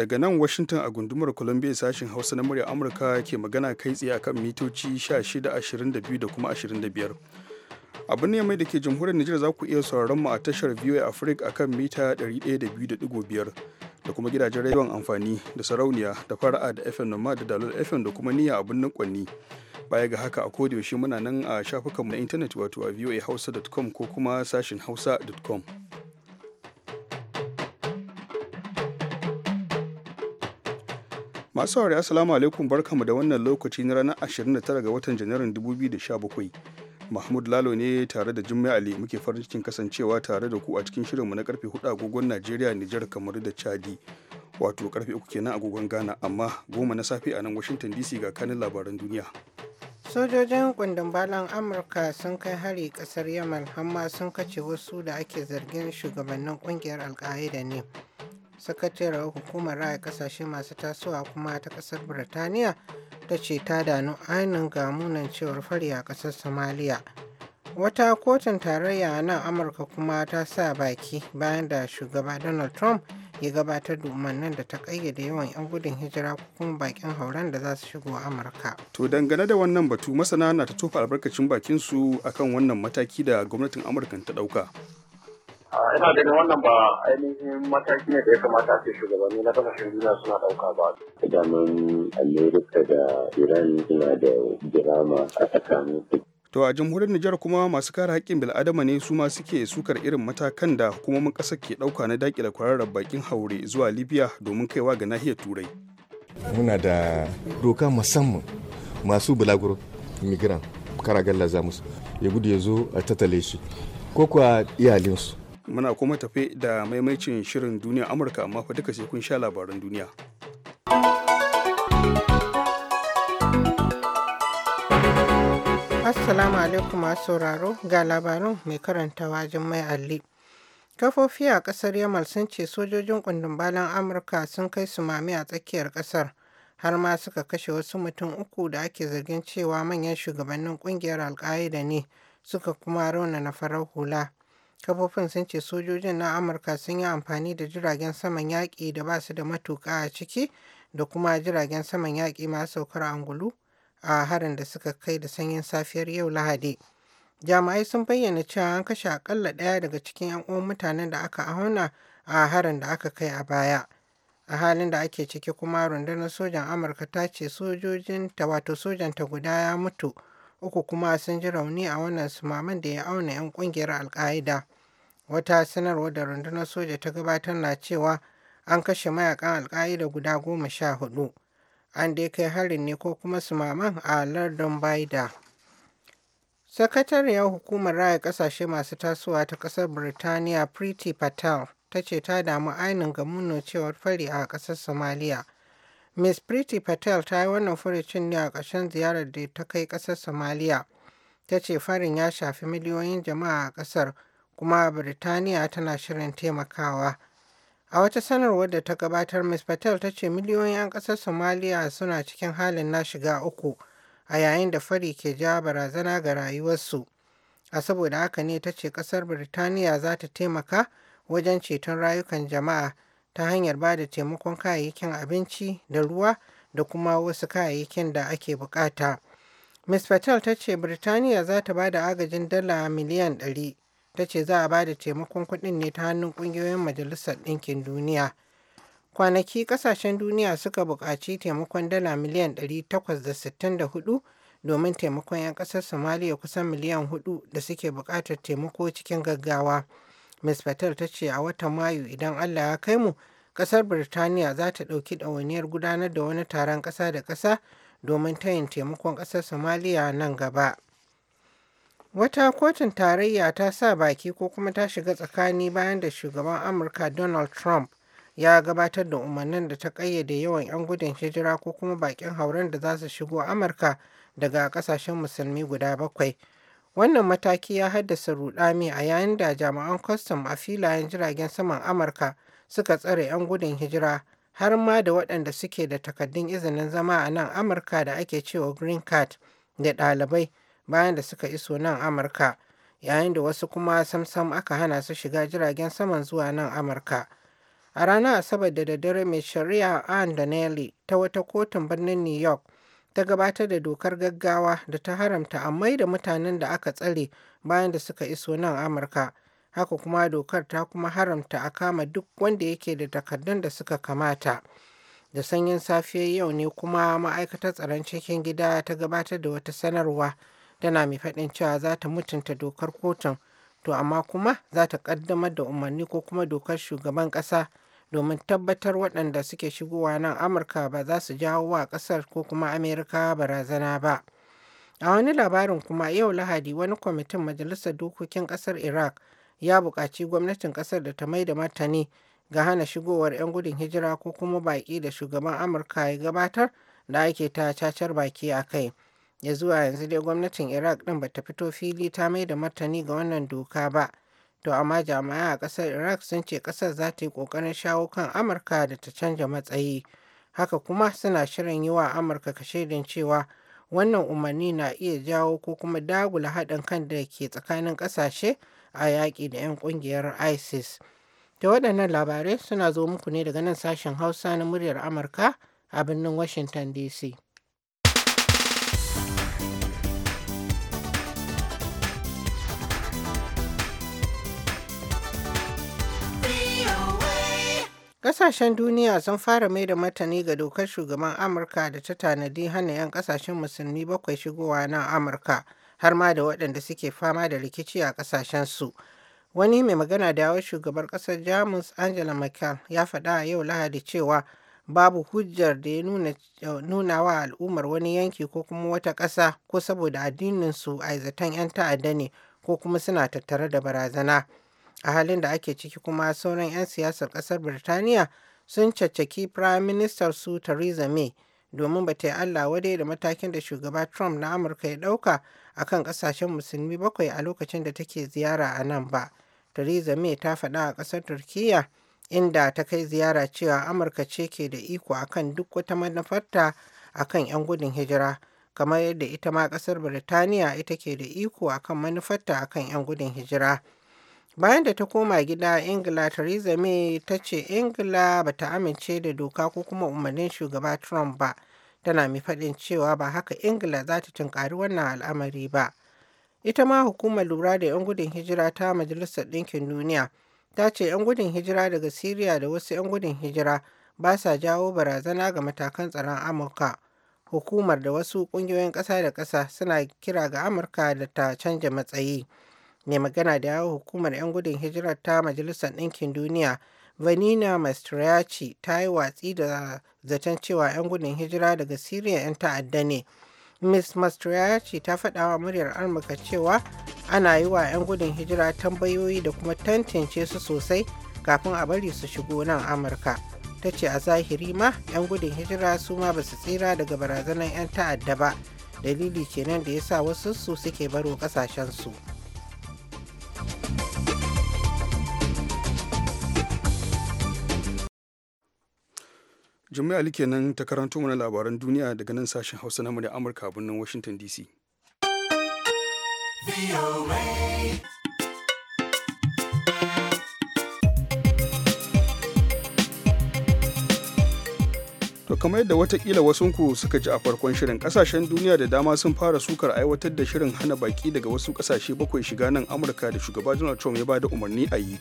daga nan Washington a gundumar Columbia sashen Hausa na murya Amurka ke magana kai tsaye akan mitoci 16, da kuma 25. Abin ne mai da ke jamhuriyar Nijar za ku iya sauraron mu a tashar VOA Africa akan mita 102.5 da kuma gidajen rayuwar amfani da sarauniya da fara'a da FM Noma da Dalol FM da kuma niyya abin birnin Kwanni. Baya ga haka a yaushe muna nan a shafukanmu na intanet wato a voahausa.com ko kuma sashin hausa.com. masu saurari assalamu alaikum barkamu da wannan lokaci na ranar 29 ga watan janairun 2017 mahmud lalo ne tare da jummai ali muke farin cikin kasancewa tare da ku a cikin shirinmu na karfe 4 agogon najeriya nijar kamar da chadi wato karfe 3 kenan agogon ghana amma goma na safe a nan washington dc ga kanin labaran duniya sojojin kundin balan amurka sun kai hari kasar yamal amma sun kace wasu da ake zargin shugabannin kungiyar alka'ida ne sakatariyar hukumar raya kasashe masu tasowa kuma ta kasar birtaniya ta ce ta danu ainihin ga munan cewar fari a kasar somaliya wata kotun tarayya na amurka kuma ta sa baki bayan da shugaba donald trump ya gabatar da umarnin da ta kayyade yawan 'yan gudun hijira kuma bakin hauren da za su shigo amurka to dangane da wannan batu masana na ta tofa albarkacin bakin su akan wannan mataki da gwamnatin amurka ta dauka ina ganin wannan ba ainihin mataki ne da ya kamata ce shugabanni na kasashen duniya suna dauka ba daman amerika da iran suna da girama a tsakanin su to a jamhuriyar nijar kuma masu kare haƙƙin bil'adama ne su ma suke sukar irin matakan da hukumomin ƙasar ke ɗauka na daƙile kwararar bakin haure zuwa libya domin kaiwa ga nahiyar turai muna da doka musamman masu bulaguro migran kara galla za musu ya gudu ya zo a tattale shi ko kuwa iyalinsu muna kuma tafe da maimacin shirin duniya amurka amma fa duka sai kun sha labaran duniya assalamu alaikum masu sauraro ga labarin mai karantawa jummai alli kafofi a kasar yamal sun ce sojojin kundin amurka sun kai su mami a tsakiyar kasar har ma suka kashe wasu mutum uku da ake zargin cewa manyan shugabannin kungiyar alka'ida ne suka kuma raunana farar hula Kafofin sun ce sojojin na Amurka sun yi amfani da jiragen saman yaƙi da ba su da matuƙa a ciki da kuma jiragen saman yaƙi masu saukar angulu a harin da suka kai da sanyin safiyar yau Lahadi. Jami'ai sun bayyana cewa an kashe akalla ɗaya daga cikin 'yan uwan mutanen da aka auna a harin da aka kai a baya. a halin da ake ciki kuma rundunar sojan amurka ta ce sojojin ta wato sojan ta guda ya mutu uku kuma sun ji rauni a wannan sumaman da ya auna 'yan kungiyar alka'ida wata sanarwa da rundunar soja ta gabatar na cewa an kashe mayakan alka'ida guda goma sha hudu an dai kai harin ne ko kuma sumaman a lardin baida sakatariyar hukumar raya kasashe masu tasowa ta kasar birtaniya priti patel ta ce ta damu ainihin ga cewar fari a kasar Somalia. Ms. Priti Patel ta yi wannan furucin ne a ƙarshen ziyarar da ta kai ƙasar Somalia. Ta ce farin ya shafi miliyoyin jama'a a ƙasar kuma Birtaniya tana shirin taimakawa. A wata sanarwar da ta gabatar, Ms. Patel ta ce miliyoyin 'yan ƙasar Somalia suna cikin halin na shiga uku a yayin da fari ke ja barazana ga rayuwarsu. A saboda haka ne ta ce ƙasar Birtaniya za ta taimaka wajen ceton rayukan jama'a. ta hanyar ba da taimakon kayayyakin abinci da ruwa da kuma wasu kayayyakin da ake bukata. Ms. Patel ta ce Birtaniya za ta ba da agajin dala miliyan 100 ta ce za a ba da taimakon kuɗin ne ta hannun ƙungiyoyin Majalisar Ɗinkin Duniya. Kwanaki ƙasashen duniya suka buƙaci taimakon dala miliyan 864 domin taimakon 'yan ƙasar Somaliya kusan miliyan 4 da suke buƙatar taimako cikin gaggawa. Ms. Patel ta ce a watan Mayu idan Allah ya kai mu, ƙasar Birtaniya za ta ɗauki ɗawainiyar gudanar da wani taron ƙasa da ƙasa domin tayin taimakon ƙasar Somalia nan gaba. Wata kotun tarayya ta sa baki ko kuma ta shiga tsakani bayan da shugaban Amurka Donald Trump ya gabatar da umarnin da ta ƙayyade yawan 'yan gudun hijira ko kuma bakin hauren da za su shigo Amurka daga ƙasashen musulmi guda bakwai. Wannan mataki ya haddasa ruɗami a yayin da jami'an kwastam a filayen jiragen saman Amurka suka tsare 'yan gudun hijira har ma da waɗanda suke da takaddun izinin zama a nan Amurka da ake cewa Green Card da ɗalibai bayan da suka iso nan Amurka, yayin da wasu kuma samsam aka hana su shiga jiragen saman zuwa nan Amurka. A ranar Asabar da daddare mai shari'a Ann Donnelly ta wata kotun birnin New York ta gabatar da dokar gaggawa da ta haramta a mai da mutanen da aka tsare bayan da suka iso nan amurka haka kuma dokar ta kuma haramta a kama duk wanda yake da takardun da suka kamata da sanyin safiyar yau ne kuma ma'aikatar tsaron cikin gida ta gabatar da wata sanarwa tana mai faɗin cewa za ta mutunta dokar kotun to amma kuma za ta ƙaddamar da umarni ko kuma dokar shugaban ƙasa domin tabbatar waɗanda suke shigowa nan amurka ba za su jawo wa ƙasar ko kuma amerika barazana ba a wani labarin kuma yau lahadi wani kwamitin majalisar dokokin ƙasar iraq ya buƙaci gwamnatin ƙasar da ta mai da martani ga hana shigowar 'yan gudun hijira ko kuma baƙi da shugaban amurka ya gabatar da ake ta cacar baki a kai ya zuwa yanzu dai gwamnatin iraq ɗin ba ta fito fili ta mai da martani ga wannan doka ba To amma jami'ai a ƙasar Iraq sun ce ƙasar za ta yi ƙoƙarin shawo kan Amurka da ta canja matsayi. Haka kuma suna shirin yi wa Amurka kashedin cewa wannan umarni na iya jawo ko kuma dagula haɗin kan da ke tsakanin ƙasashe a yaƙi da 'yan ƙungiyar ISIS. Da waɗannan labarai suna zo muku ne daga nan sashen Hausa na muryar Amurka a birnin Washington DC. Ƙasashen duniya sun fara mai da martani ga dokar shugaban Amurka da ta tanadi hana 'yan ƙasashen musulmi bakwai shigowa na Amurka har ma da waɗanda suke fama da rikici a su. Wani mai magana da yawon shugabar ƙasar Jamus Angela Merkel ya faɗa a yau Lahadi cewa babu hujjar da ya nuna wa al'ummar wani yanki ko kuma wata ƙasa ko saboda addininsu a 'yan ta'adda ne ko kuma suna tattare da barazana. a halin da ake ciki kuma sauran 'yan siyasar kasar birtaniya sun caccaki prime minister su theresa may domin ba ta yi allah wadai da matakin da shugaba trump na amurka ya dauka a kan kasashen musulmi bakwai a lokacin da take ziyara a nan ba theresa may ta faɗa a ƙasar turkiyya inda ta kai ziyara cewa amurka ce ke da iko akan duk wata manufarta akan 'yan gudun hijira kamar yadda ita ma ƙasar birtaniya ita ke da iko akan manufarta akan 'yan gudun hijira. bayan da ta koma gida ingila theresa may ta ce ingila ba ta amince da doka ko kuma umarnin shugaba trump ba tana mai faɗin cewa ba haka ingila za ta tunkari wannan al'amari ba ita ma hukumar lura da 'yan gudun hijira ta majalisar ɗinkin duniya ta ce 'yan gudun hijira daga siriya da wasu 'yan gudun hijira ba sa jawo barazana ga matakan tsaron amurka hukumar da wasu ƙungiyoyin ƙasa da ƙasa suna kira ga amurka da ta canja matsayi mai magana da yawon hukumar 'yan gudun hijira ta majalisar ɗinkin duniya vanina mastriaci ta yi watsi da zaton cewa 'yan gudun hijira daga siriya 'yan ta'adda ne Miss mastriaci ta faɗa wa muryar amurka cewa ana yi wa 'yan gudun hijira tambayoyi da kuma tantance su sosai kafin a bari su shigo nan amurka ta ce a zahiri ma 'yan gudun hijira su ma ba su tsira daga barazanar 'yan ta'adda ba dalili kenan da ya sa wasu su suke baro kasashensu. jami'a ali kenan ta karanto mana labaran duniya daga nan sashen hausa na murya amurka a birnin washington dc To kamar yadda watakila wasunku suka ji a farkon shirin kasashen duniya da dama sun fara sukar aiwatar da shirin hana baki daga wasu kasashe bakwai shiga nan Amurka da shugaba Donald Trump ya bada umarni a yi.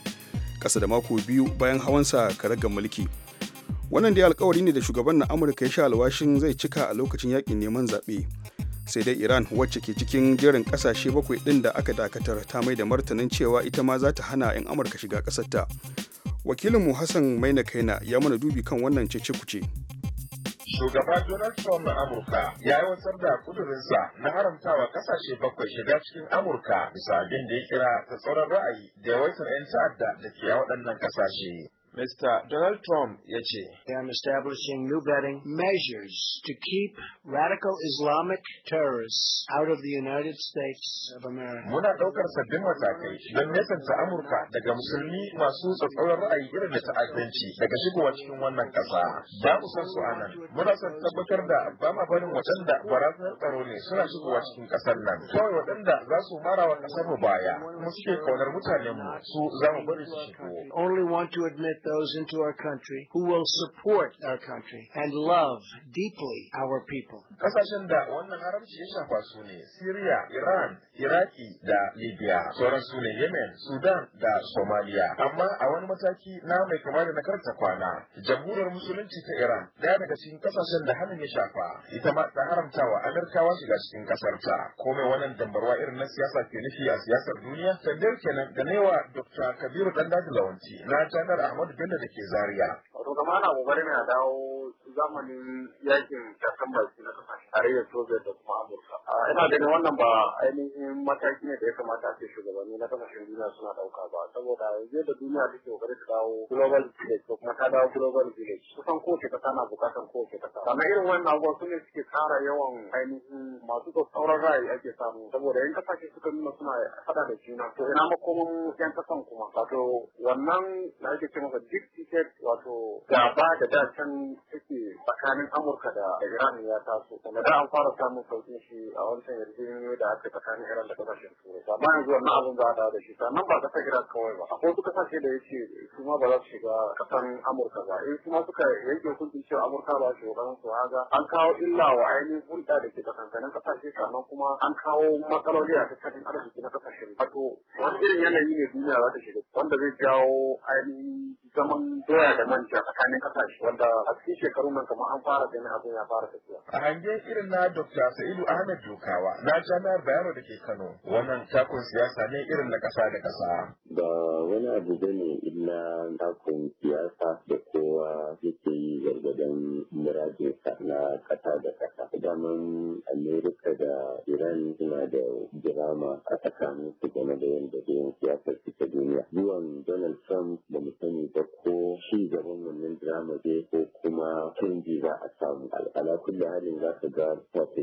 Kasa da mako biyu bayan hawansa karagar mulki. wannan dai alkawari ne da shugaban na amurka ya sha alwashin zai cika a lokacin yakin neman zaɓe sai dai iran wacce ke cikin jerin ƙasashe bakwai ɗin da aka dakatar ta mai da martanin cewa ita ma za ta hana 'yan amurka shiga ƙasarta wakilinmu hassan maina kaina ya mana dubi kan wannan cece kuce shugaba Donald Trump na Amurka ya yi wasar da kudurinsa na haramtawa kasashe bakwai shiga cikin Amurka bisa abin da ya kira ta tsoron ra'ayi da yawaitar 'yan ta'adda da ke waɗannan kasashe. Mr. Donald Trump ya ce, I am establishing new vetting measures to keep radical Islamic terrorists out of the United States of America. Muna ɗaukar sabbin matakai don nesanta Amurka daga musulmi masu tsatsauran ra'ayi irin da ta'addanci daga shigowa cikin wannan ƙasa. mu san su anan. Muna son tabbatar da ba ma barin waɗanda barazanar tsaro ne suna shigowa cikin ƙasar nan. Kawai waɗanda za su mara wa ƙasar mu baya kuma suke mutanenmu su za mu bari su shigo. Only want to admit those into our country who will support our country and love deeply our people. Kasashen da wannan haramci ya shafa su ne Syria, Iran, Iraki da Libya, sauran su ne Yemen, Sudan da Somalia. Amma a wani mataki na mai kamar da na karta kwana, jamhuriyar musulunci ta Iran, daya daga cikin kasashen da hannun ya shafa, ita ma ta wa Amerikawa shiga cikin kasar ta. Komai wannan dambarwa irin na siyasa ke nufi a siyasar duniya? Sandar kenan da Dr. Kabiru Dandadi Lawanci na Janar Ahmad Ahmad da ke zariya Wato kama ana kokarin a dawo zamanin yakin kasan baki na kasashe tarayyar Soviet da kuma Amurka. ina ganin wannan ba ainihin mataki ne da ya kamata ce shugabanni na kasashen duniya suna dauka ba saboda yanzu da duniya take ke ta kawo global village ko kuma ta dawo global village kusan kowace kasa na bukatar kowace kasa sannan irin wannan abubuwa su ne suke kara yawan ainihin masu tsauran ra'ayi ake samu saboda yan kasashe suka nuna suna fada da juna to ina makomin yan kasan kuma wato wannan na ake ce masa deep ticket wato gaba da dacen take tsakanin amurka da iran ya taso kuma da an fara samun sauƙin shi a wancan yarjejeniyoyi da aka tsakanin iran da kasashen turai bayan zuwa na abin za a da shi sannan ba kasar iran kawai ba akwai wasu kasashe da ya ce su ma ba za su shiga kasan amurka ba in eh, ma suka yanke hukuncin cewa amurka ba su shugaban su haga an kawo illa wa ainihin hulɗa da ke tsakankanin kasashe sannan kuma an kawo matsaloli a tattalin arziki na kasashen wato wani irin yanayi ne duniya za ta shiga wanda zai jawo ainihin zaman doya da manja tsakanin kasashe wanda a cikin shekaru nan kamar an fara ganin abin ya fara tafiya. A hangen irin na Dr. Sa'idu Ahmed Dukawa na jami'ar Bayero da ke Kano wannan takun siyasa ne irin na ƙasa da ƙasa. Ba wani abu ne illa takun siyasa da kowa yake yi gargadan muradinsa na ƙasa da ƙasa. Daman Amerika da Iran suna da girama a tsakaninsu game da yadda yin siyasar ta duniya. Zuwan Donald Trump da mutane da ko shi gaban wannan dramade ko kuma canji za a samu al'ala kulle halin za ka ga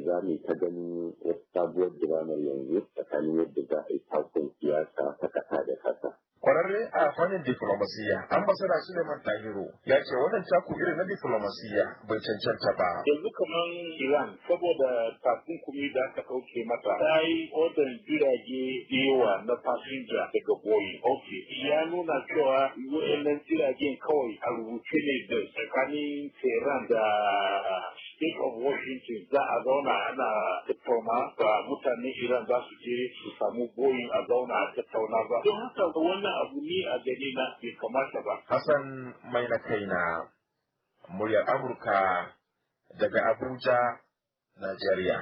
za mu ta ganin wasu sabuwar dramar yanzu tsakanin yadda za a yi takon siyasa ta kasa da kasa. kwararre a fannin diflomasiyya ambasada suleiman tahiru ya ce wannan taku irin na diflomasiyya bai cancanta ba yanzu kamar iran saboda takunkumi da aka kauce mata ta yi odan jirage yawa na fasinja daga boyi ok ya nuna cewa wa'annan jiragen kawai a rubuce ne da tsakanin tehran da state of washington za a zauna ana tattauna ba mutane iran za su je su samu boyin a zauna a tattauna ba don haka wannan abu ne a gani na bai kamata ba hassan mai na kaina muryar amurka daga abuja najeriya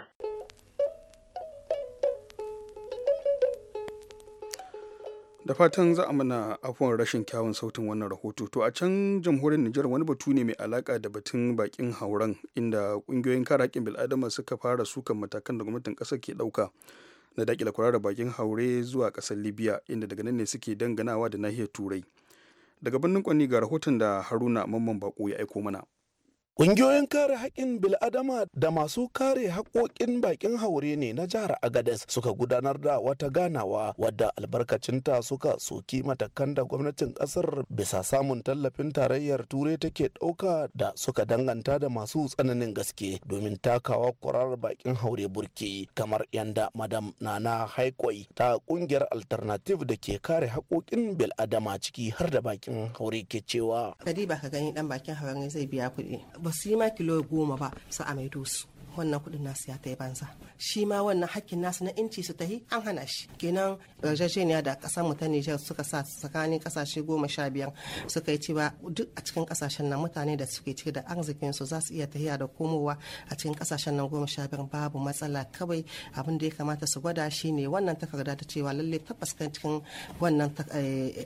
da fatan za a mana afuwan rashin kyawun sautin wannan rahoto to a can jamhuriyar nijar wani batu ne mai alaka da batun bakin hauren inda kungiyoyin karakin bil'adama suka fara sukan matakan da gwamnatin kasar ke dauka na dakila da bakin haure zuwa kasar libya inda daga nan ne suke danganawa da nahiyar turai daga birnin kwanni ga rahoton da haruna mamman bako ya aiko mana Ƙungiyoyin kare haƙƙin bil'adama da masu kare haƙƙoƙin baƙin haure ne na jihar Agades suka gudanar da wata ganawa wadda albarkacinta suka soki matakan da gwamnatin ƙasar bisa samun tallafin tarayyar turai take ɗauka da suka danganta da masu tsananin gaske domin takawa kurar baƙin haure burki kamar yanda madam Nana Haikwai ta ƙungiyar Alternative da ke kare haƙƙoƙin bil'adama ciki har da baƙin haure ke cewa. Kadi ba ka gani ɗan baƙin haure zai biya kuɗi. ba su yi ma kilo goma ba su amaito su wannan kudin nasu ya yi banza shi ma wannan hakkin nasu na inci su tahi an hana shi kenan yarjejeniya eh, da kasar mu ta Nijar suka sa tsakanin kasashe goma sha biyar suka yi cewa duk a cikin kasashen nan mutane da suke cike da arzikin su za su iya tahiya da komowa a cikin kasashen nan goma sha biyar babu matsala kawai abin da ya kamata su gwada shi ne wannan takarda ta cewa lalle tabbas kan cikin wannan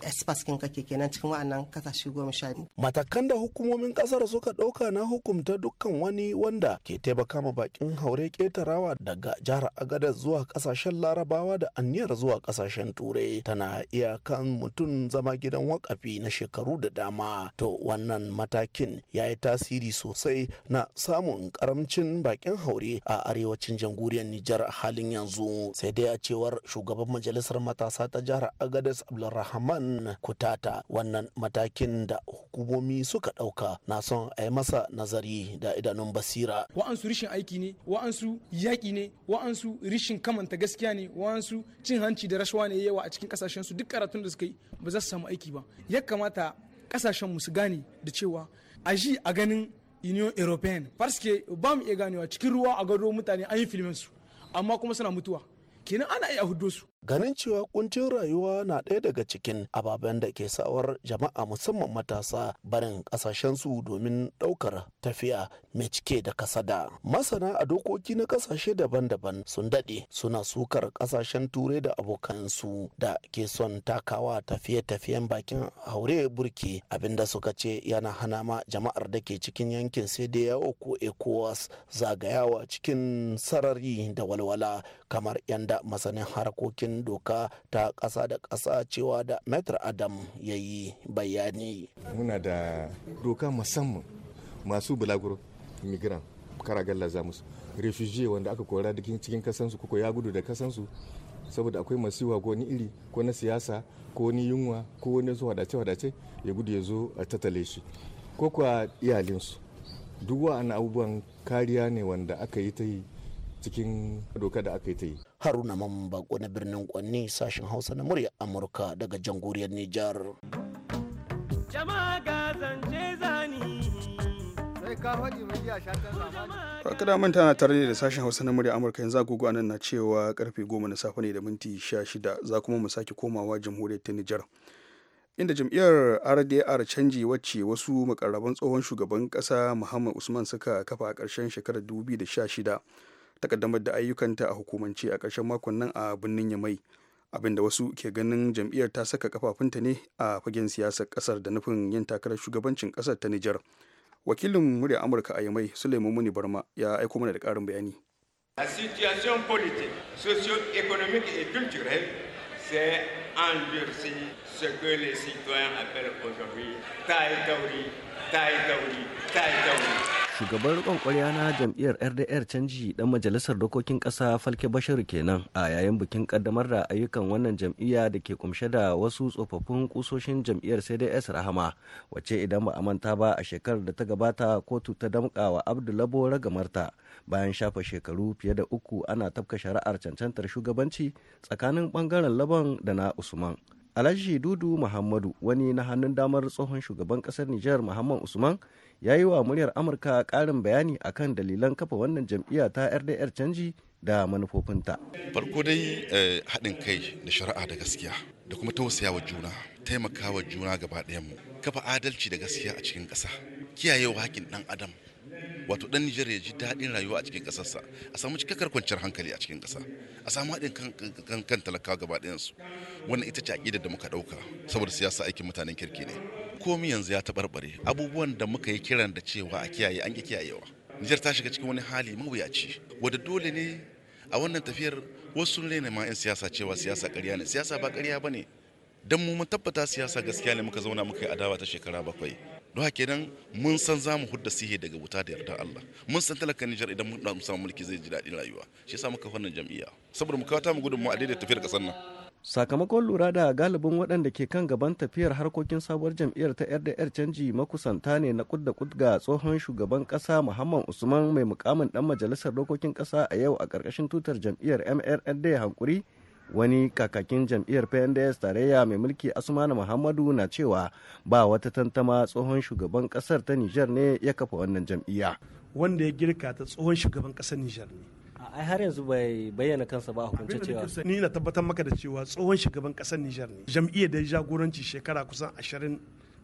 espas eh, kin kake kenan cikin wa'annan ƙasashe goma sha biyar. Matakan da hukumomin kasar suka dauka na hukumta dukkan wani wanda ke taimaka bakin haure ƙetarawa daga jihar agadez zuwa ƙasashen larabawa da anniyar zuwa ƙasashen turai tana iya kan mutum zama gidan wakafi na shekaru da dama to wannan matakin ya yi tasiri sosai na samun karamcin bakin haure a arewacin jamhuriyar nijar halin yanzu sai dai a cewar shugaban majalisar matasa ta jihar agadez abdulrahman kutata wannan matakin da hukumomi suka ɗauka na son a yi masa nazari da idanun basira wa'ansu aiki arziki ne wa'ansu yaƙi ne wa'ansu rishin kamanta gaskiya ne wa'ansu cin hanci da rashawa ne yawa a cikin kasashen su duk karatun da suka yi ba za su samu aiki ba ya kamata kasashen mu su gane da cewa a ji a ganin union european parce que ba mu iya ganewa cikin ruwa a gado mutane an yi filmin su amma kuma suna mutuwa kenan ana iya hudo su ganin cewa kuncin rayuwa na ɗaya daga cikin ababen da ke sawar jama'a musamman matasa barin ƙasashen su domin ɗaukar tafiya mai cike da kasada masana a dokoki na ƙasashe daban-daban sun daɗe suna sukar ƙasashen turai da abokansu da ke son takawa tafiye-tafiyen bakin haure burke abinda suka ce yana hana ma jama'ar da ke cikin yankin sai da yawo ko ecowas zagayawa cikin sarari da walwala kamar yanda masanin harkokin cikin doka ta kasa da kasa cewa da metr adam ya yi bayani muna da doka musamman masu bulaguro migran karagalla za musu refugee wanda aka kora cikin kasansu kuko ya gudu da kasansu saboda akwai masiwa ko wani iri ko na siyasa ko wani yunwa ko wani su wadace-wadace ya gudu ya zo a tattale shi ko kuwa iyalinsu duk wa'annan abubuwan kariya ne wanda aka yi ta yi cikin doka da aka yi ta yi haruna man na birnin kwanni sashen hausa na murya amurka daga jangoriyar nijar jama'a ga zance zani sai ka faɗi mai iya shakar zama. kada manta na tare da sashen hausa na murya amurka yanzu agogo anan na cewa karfe 10 na safe ne da minti 16 za kuma mu sake komawa jamhuriyar ta nijar inda jam'iyyar rdr canji wacce wasu makarraban tsohon shugaban kasa muhammad usman suka kafa a karshen shekarar 2016 takaddamar da ayyukanta a hukumance a ƙarshen makon nan a birnin yamai abin da wasu ke ganin jam'iyyar ta saka kafafunta ne a fagen siyasar ƙasar da nufin yin takarar shugabancin ƙasar ta nijar wakilin murya amurka a yamai suleiman muni barma ya aiko mana da ƙarin bayani La situation politique, socio-économique et culturelle, c'est endurci ce que les citoyens appellent aujourd'hui taïtaouri, taïtaouri, taïtaouri. shugaban rikon kwarya na jam'iyyar rdr canji dan majalisar dokokin kasa falke bashiru kenan a yayin bikin kaddamar da ayyukan wannan jam'iyya da ke kumshe da wasu tsofaffin kusoshin jam'iyyar cds rahama wace idan ba a manta ba a shekarar da ta gabata kotu ta damka wa abdulabo ragamarta bayan shafa shekaru fiye da uku ana tafka shari'ar cancantar shugabanci tsakanin bangaren laban da na usman alhaji dudu muhammadu wani na hannun damar tsohon shugaban kasar nijar muhammad usman ya yi wa muryar amurka karin bayani akan dalilan kafa wannan jam'iyya ta rdr canji da manufofinta. Farko dai eh, haɗin kai da shari'a da gaskiya da kuma tausayawa juna, taimakawa juna gaba kafa adalci da gaskiya a cikin ƙasa, kiyayewa haƙƙin ɗan adam. Wato ɗan Nijar ya ji daɗin rayuwa a cikin ƙasarsa, a samu cikakkar kwanciyar hankali a cikin ƙasa, a samu haɗin kan, kan, talakawa gaba ɗayansu. Wannan ita ce aƙidar da muka ɗauka, saboda siyasa aikin mutanen kirki ne. komi yanzu ya taɓarɓare abubuwan da muka yi kiran da cewa a kiyaye an ƙi kiyayewa nijar ta shiga cikin wani hali mawuyaci wadda dole ne a wannan tafiyar wasu ne ma 'yan siyasa cewa siyasa ƙarya ne siyasa ba ƙarya ba ne don mu tabbata siyasa gaskiya ne muka zauna muka yi adawa ta shekara bakwai don haka kenan mun san za mu hudda sihe daga wuta da yarda Allah mun san talaka Nijar idan mun samu mulki zai ji daɗin rayuwa shi yasa muka wannan jam'iyya saboda mu kawo ta mu gudunmu a daidai tafiyar ƙasar nan sakamakon lura da galibin waɗanda ke kan gaban tafiyar harkokin sabuwar jam'iyyar ta 'yar rdr canji makusanta ne na kudda kudga tsohon shugaban ƙasa muhammad usman mai mukamin ɗan majalisar dokokin ƙasa a yau a ƙarƙashin tutar jam'iyyar mrnd hankuri wani kakakin jam'iyyar pnds tarayya mai mulki asmanu muhammadu na cewa ba wata tantama tsohon shugaban ƙasar ta Niger ne ya kafa wannan jam'iyya wanda ya girka ta tsohon shugaban ƙasar Niger ne ai har yanzu bai bayyana kansa ba a hukunce cewa ni na tabbatar maka da cewa tsohon shugaban kasar Nijar ne jam'iyyar da jagoranci shekara kusan ashirin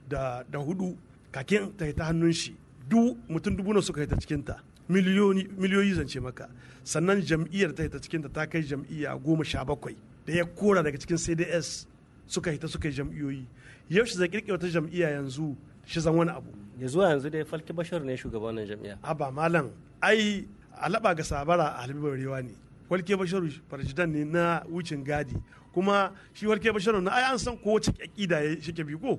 da hudu kakin ta ta hannun shi du mutum dubu na suka yi ta cikin ta miliyoyi zance maka sannan jam'iyyar ta ta cikin ta ta kai jam'iyya goma sha bakwai da ya kora daga cikin CDS suka ta suka yi jam'iyyoyi yau shi zai kirkira wata jam'iyya yanzu shi zan wani abu ya zuwa yanzu dai falki bashar ne shugaban jam'iyya a ba malam ai A laba ga sabara a halbi rewa ne walke basharu farjidan ne na wucin gadi kuma shi walke basharu na ai an san ko wace akida ya shike bi ko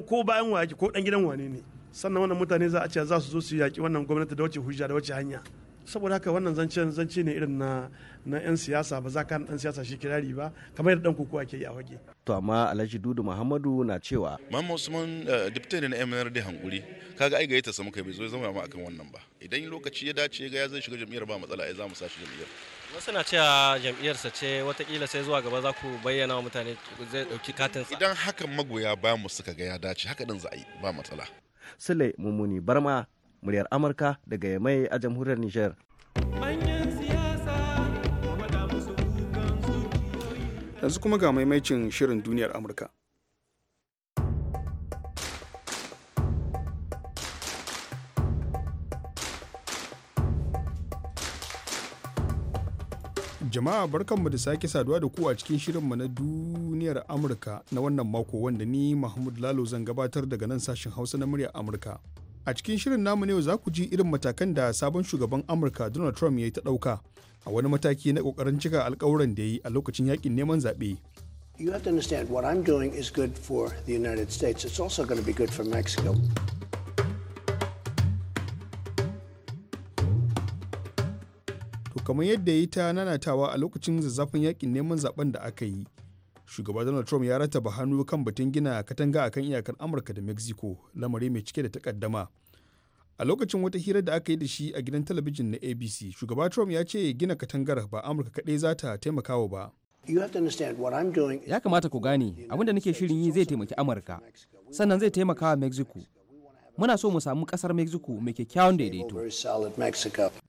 ko bayan wa ko dan gidan wane ne sannan wannan mutane za a ce za su zo su yaki wannan gwamnati da wace hujja da wace hanya saboda haka wannan zancen zance ne irin na na 'yan siyasa ba za ka dan siyasa shi kirari ba kamar yadda dan kokowa ke yi a wage. To amma Alhaji Dudu Muhammadu na cewa. Mamman Usman eh, dipte ne na MNRD hankuri kaga ai ta samu kai bai zo ya zama a akan wannan ba idan lokaci ya dace ga ya zai shiga jam'iyyar ba matsala ai za mu sashi jam'iyyar. Wasu na cewa sa ce watakila sai zuwa gaba za ku bayyana wa mutane zai dauki katin Idan hakan magoya ba mu suka ga ya dace haka din za a yi ba matsala. Sule Mumuni Barma muryar amurka daga yamai a jamhuriyar niger. yanzu kuma ga maimaicin shirin duniyar amurka jama'a barkanmu da sake saduwa da ku a cikin shirinmu na duniyar amurka na wannan mako wanda ni mahmud lalo zan gabatar daga nan sashen hausa na muryar amurka a cikin shirin namu ne za ku ji irin matakan da sabon shugaban amurka donald trump ya yi ta ɗauka a wani mataki na ƙoƙarin cika alkawuran da ya yi a lokacin yakin neman zaɓe You have to understand is good for the United States. It's also for Mexico. kamar yadda ya yi ta nanatawa a lokacin zazzafin yakin neman zaben da aka yi, shugaba donald trump ya rattaba hannu kan batun gina katanga a kan iyakar amurka da mexico lamari mai cike da takaddama a lokacin wata hira da aka yi da shi a gidan talabijin na abc shugaba trump ya ce gina katangar ba amurka kaɗai za ta taimakawa ba ya kamata ku gane abinda nake shirin yi zai taimaki amurka sannan zai taimaka wa mexico muna so mu samu kasar mexico mai kyakkyawan daidaito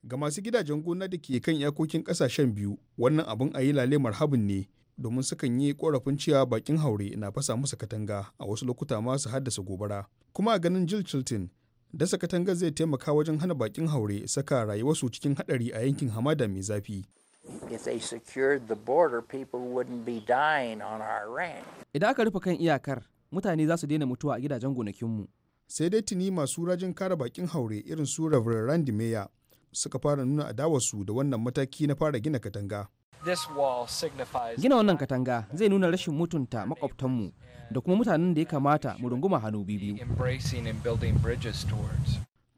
ga masu gidajen gona da ke kan iyakokin kasashen biyu wannan abin a yi lale marhabin ne domin sukan yi korafin cewa bakin haure na fasa musu katanga a wasu lokuta masu haddasa gobara kuma a ganin jill chilton dasa katanga zai taimaka wajen hana bakin haure saka rayuwarsu cikin hadari a yankin hamada mai zafi idan aka rufe kan iyakar mutane za su daina mutuwa a gidajen mu. sai dai tuni masu rajin kare bakin haure irin su rev. Randy Meyer suka fara nuna adawarsu da wannan mataki na fara gina katanga. Gina wannan katanga zai nuna rashin mutunta makwabtanmu da kuma mutanen da ya kamata mu runguma hannu biyu.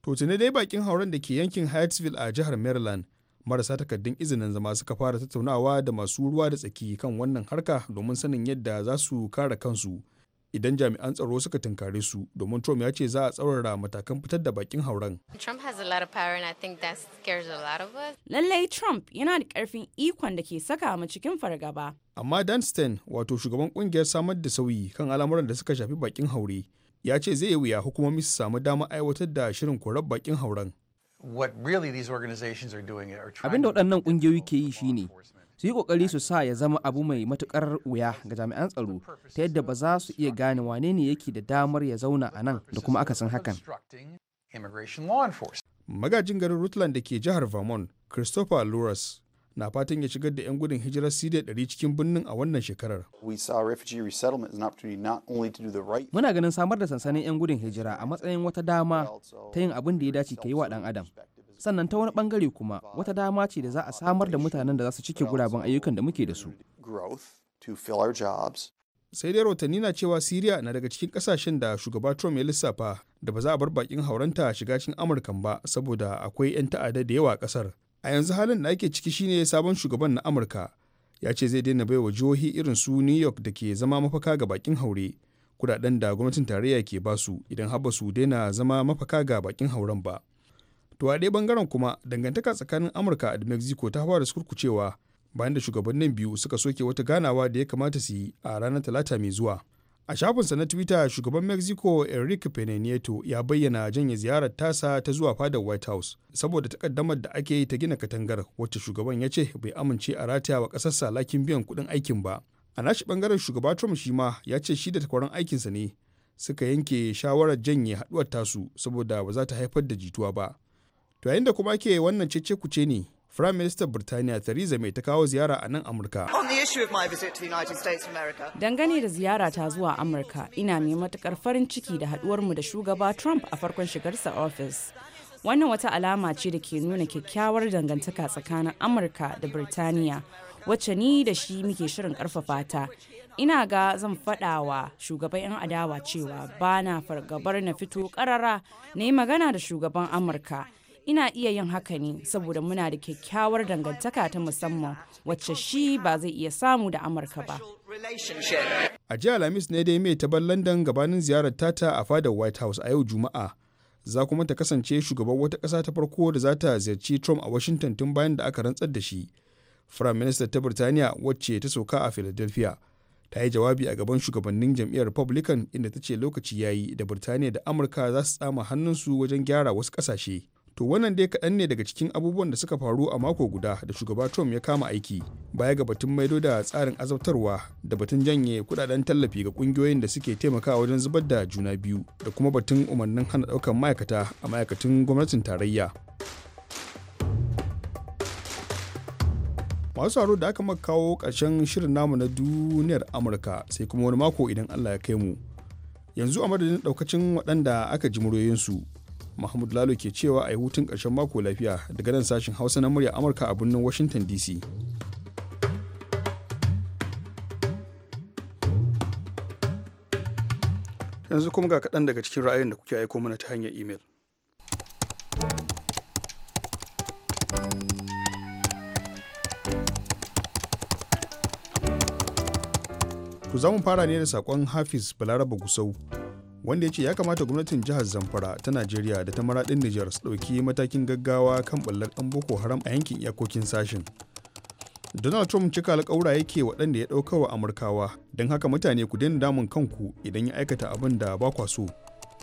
To ne dai bakin hauren da ke yankin Hyattsville a jihar Maryland marasa takardun izinin zama suka fara tattaunawa da masu ruwa da tsaki kan wannan harka domin sanin yadda za su kare kansu idan jami'an tsaro suka tunkare su domin Trump ya ce za a tsaurara matakan fitar da bakin hauren. has a Lallai Trump yana da karfin ikon da ke saka mu cikin fargaba. Amma Dan Stein wato shugaban kungiyar samar da sauyi kan al'amuran da suka shafi bakin haure ya ce zai yi wuya hukumomi su samu dama aiwatar da shirin korar bakin hauren. Abin da waɗannan ƙungiyoyi ke yi shine su yi kokari su sa ya zama abu mai matukar wuya ga jami'an tsaro ta yadda ba za su iya gane wane ne yake da damar ya zauna a nan da kuma akasin hakan magajin garin rutland da ke jihar vermont christopher luras na fatan ya shigar da 'yan gudun hijirar cd 100 cikin birnin a wannan shekarar. Muna ganin samar da sansanin 'yan gudun hijira a matsayin wata dama ta yin abin da ya dace ka yi wa ɗan adam sannan ta wani bangare kuma wata dama ce da za a samar da mutanen da za su cike guraben ayyukan da muke da su sai dai rahotanni na cewa siriya na daga cikin kasashen da shugaba trump ya lissafa da ba za a bar bakin hauranta shiga cikin amurka ba saboda akwai 'yan ta'adda da yawa a kasar a yanzu halin da ake ciki shine sabon shugaban na amurka ya ce zai daina baiwa jihohi irin su new york da ke zama mafaka ga bakin haure kudaden da gwamnatin tarayya ke basu idan har basu su daina zama mafaka ga bakin hauren ba to a ɗaya bangaren kuma dangantaka tsakanin amurka da mexico ta fara surkucewa bayan da shugabannin biyu suka soke wata ganawa da ya kamata su yi a ranar talata mai zuwa a shafinsa na twitter shugaban mexico enrique pena nieto ya bayyana janye ziyarar tasa ta zuwa fadar white house saboda takaddamar da ake yi ta gina katangar wacce shugaban ya ce bai amince a rataya wa ƙasarsa lakin biyan kuɗin aikin ba a nashi bangaren shugaba trump shi ma ya ce shi da takwaran aikinsa ne suka yanke shawarar janye haɗuwar tasu saboda ba za ta haifar da jituwa ba To yayin da kuma ke wannan cece kuce ne, Firayim Ministan Birtaniya Theresa May ta kawo ziyara a nan Amurka. Dangane da ziyara ta zuwa Amurka, ina mai matukar farin ciki da haduwarmu da shugaba Trump a farkon shigarsa ofis. Wannan wata alama ce da ke nuna kyakkyawar dangantaka tsakanin Amurka da Birtaniya, wacce ni da shi muke shirin karfafa ta. Ina ga zan faɗa wa shugaban 'yan adawa cewa bana na fargabar na fito karara na yi magana da shugaban Amurka. ina iya yin haka ne saboda muna da kyakkyawar dangantaka ta musamman wacce shi ba zai iya samu da amurka ba a jiya alhamis ne dai mai tabar london gabanin ziyarar tata a fadar white house a yau juma'a za kuma ta kasance shugaban wata ƙasa ta farko da za ta ziyarci trump a washington tun bayan da aka rantsar da shi firayim minista ta birtaniya wacce ta sauka a philadelphia ta yi jawabi a gaban shugabannin jam'iyyar republican inda ta ce lokaci ya yi da birtaniya da amurka za su tsama hannunsu wajen gyara wasu ƙasashe to wannan dai kaɗan ne daga cikin abubuwan da suka faru a mako guda da shugaba trump ya kama aiki baya ga batun maido da tsarin azabtarwa da batun janye kudaden tallafi ga ƙungiyoyin da suke taimakawa wajen zubar da juna biyu da kuma batun umarnin hana ɗaukar ma'aikata a ma'aikatan gwamnatin tarayya masu haro da aka maka kawo ƙarshen shirin namu na duniyar amurka sai kuma wani mako idan allah ya kai mu yanzu a madadin ɗaukacin waɗanda aka ji muryoyinsu mahmud lalo ke cewa a yi hutun ƙarshen mako lafiya daga nan sashen hausa na murya amurka a birnin washington dc yanzu kuma ga kaɗan daga cikin ra'ayin da kuke aiko mana ta hanyar imel. ku za mu fara ne da sakon Hafiz Balaraba Gusau wanda ya ce ya kamata gwamnatin jihar zamfara ta najeriya da ta maraɗin nijar su ɗauki matakin gaggawa kan ɓallar ɗan boko haram a yankin iyakokin sashen donald trump cika alƙawura yake waɗanda ya ɗauka wa amurkawa don haka mutane ku daina damun kanku idan ya aikata abin da ba kwa so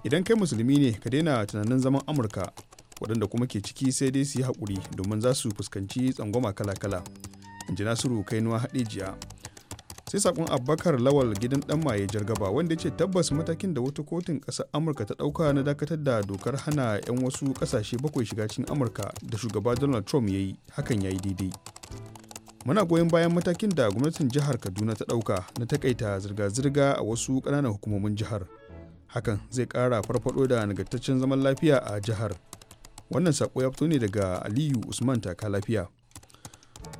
idan kai musulmi ne ka daina tunanin zaman amurka waɗanda kuma ke ciki sai dai su yi haƙuri domin za su fuskanci tsangwama kala-kala in ji nasiru kainuwa jiya sai sakon abubakar lawal gidan dan maye jargaba wanda ya ce tabbas matakin da wata kotun ƙasar amurka ta ɗauka na dakatar da dokar hana 'yan wasu ƙasashe bakwai shiga cikin amurka da shugaba donald trump ya yi hakan ya yi daidai muna goyon bayan matakin da gwamnatin jihar kaduna ta ɗauka na takaita zirga-zirga a wasu ƙananan hukumomin jihar hakan zai kara farfaɗo da nagartaccen zaman lafiya a jihar wannan saƙo ya fito ne daga aliyu usman taka lafiya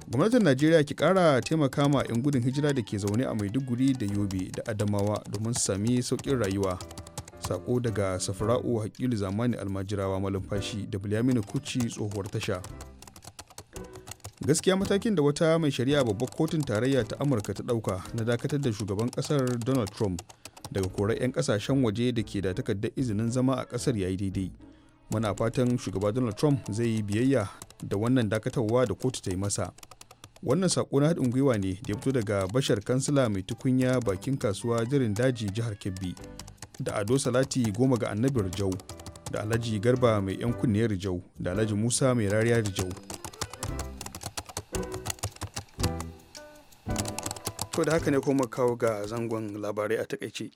gwamnatin najeriya ki kara taimaka ma 'yan gudun hijira da ke zaune a maiduguri da yobe da adamawa domin sami sauƙin rayuwa sako daga safara'u hakilu zamani almajirawa malumfashi da bilyaminu kuci tsohuwar tasha gaskiya matakin da wata mai shari'a babbar kotun tarayya ta amurka ta ɗauka na dakatar da shugaban ƙasar donald trump daga korar 'yan kasashen waje da ke da takardar izinin zama a kasar yayi daidai muna fatan shugaba donald trump zai yi biyayya da wannan dakatarwa da kotu ta yi masa wannan saƙo na haɗin gwiwa ne da ya fito daga bashar kansila mai tukunya bakin kasuwa jirin daji jihar kebbi da ado salati goma ga annabi rijau da alhaji garba mai yan kunne rijau da alhaji musa mai rariya rijau to da haka ne kuma kawo ga zangon labarai a takaice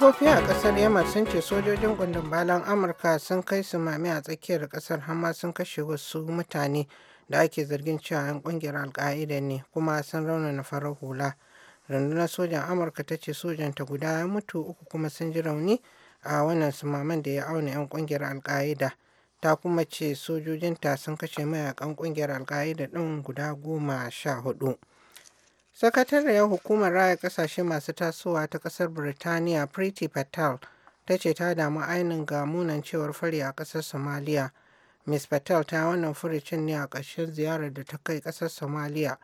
Kafofi a kasar yamma sun ce sojojin gundun balan Amurka sun kai su mami a tsakiyar kasar hamma sun kashe wasu mutane da ake zargin cewa 'yan kungiyar alka'ida ne kuma sun na farar hula. Rundunar sojan Amurka ta ce sojan ta guda ya mutu uku kuma sun ji rauni a wannan sumaman da ya auna 'yan kungiyar alka'ida. Ta kuma ce sojojinta sun kashe mayakan kungiyar alka'ida ɗin guda goma sha hudu. sakatariyar hukumar raya kasashe masu tasowa ta kasar birtaniya priti patel ta ce ta damu ainin ga munancewar fari a kasar Somalia Ms. Patel ta wannan furucin ne a ƙarshen ziyarar da ta kai ƙasar Somalia.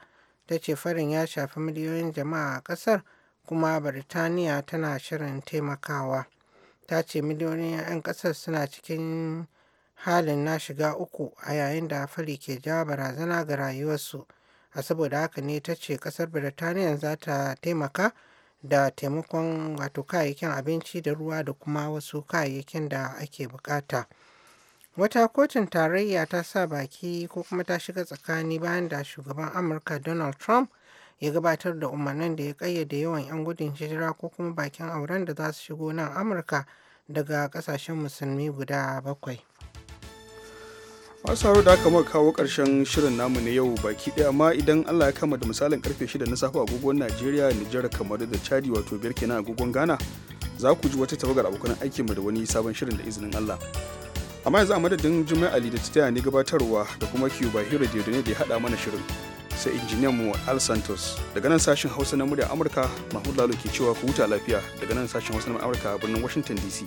Ta ce farin ya shafi miliyoyin jama'a a ƙasar kuma Birtaniya tana shirin taimakawa. Ta ce miliyoyin 'yan ƙasar suna cikin halin na shiga uku a yayin da fari ke jawo barazana ga rayuwarsu a saboda haka ne ta ce kasar birtaniya za ta taimaka da taimakon wato kayayyakin abinci da ruwa da kuma wasu kayayyakin da ake bukata wata kotun tarayya ta sa baki ko kuma ta shiga tsakani bayan da shugaban amurka donald trump ya gabatar da umarnin da ya kayyade yawan 'yan gudun hijira ko kuma bakin auren da za su shigo nan amurka daga kasashen musulmi guda bakwai masu haro da aka muka kawo karshen shirin namu na yau baki ɗaya amma idan allah ya kama da misalin karfe 6 na safe agogon najeriya nijar kamar da chadi wato biyar na agogon ghana za ku ji wata tawagar abokan aikinmu da wani sabon shirin da izinin allah amma yanzu a madadin juma'a ali da ta taya ni gabatarwa da kuma ba hira da ne da ya haɗa mana shirin sai injiniyan mu al santos daga nan sashen hausa na murya amurka mahmud lalo ke cewa ku huta lafiya daga nan sashen hausa na amurka birnin washington dc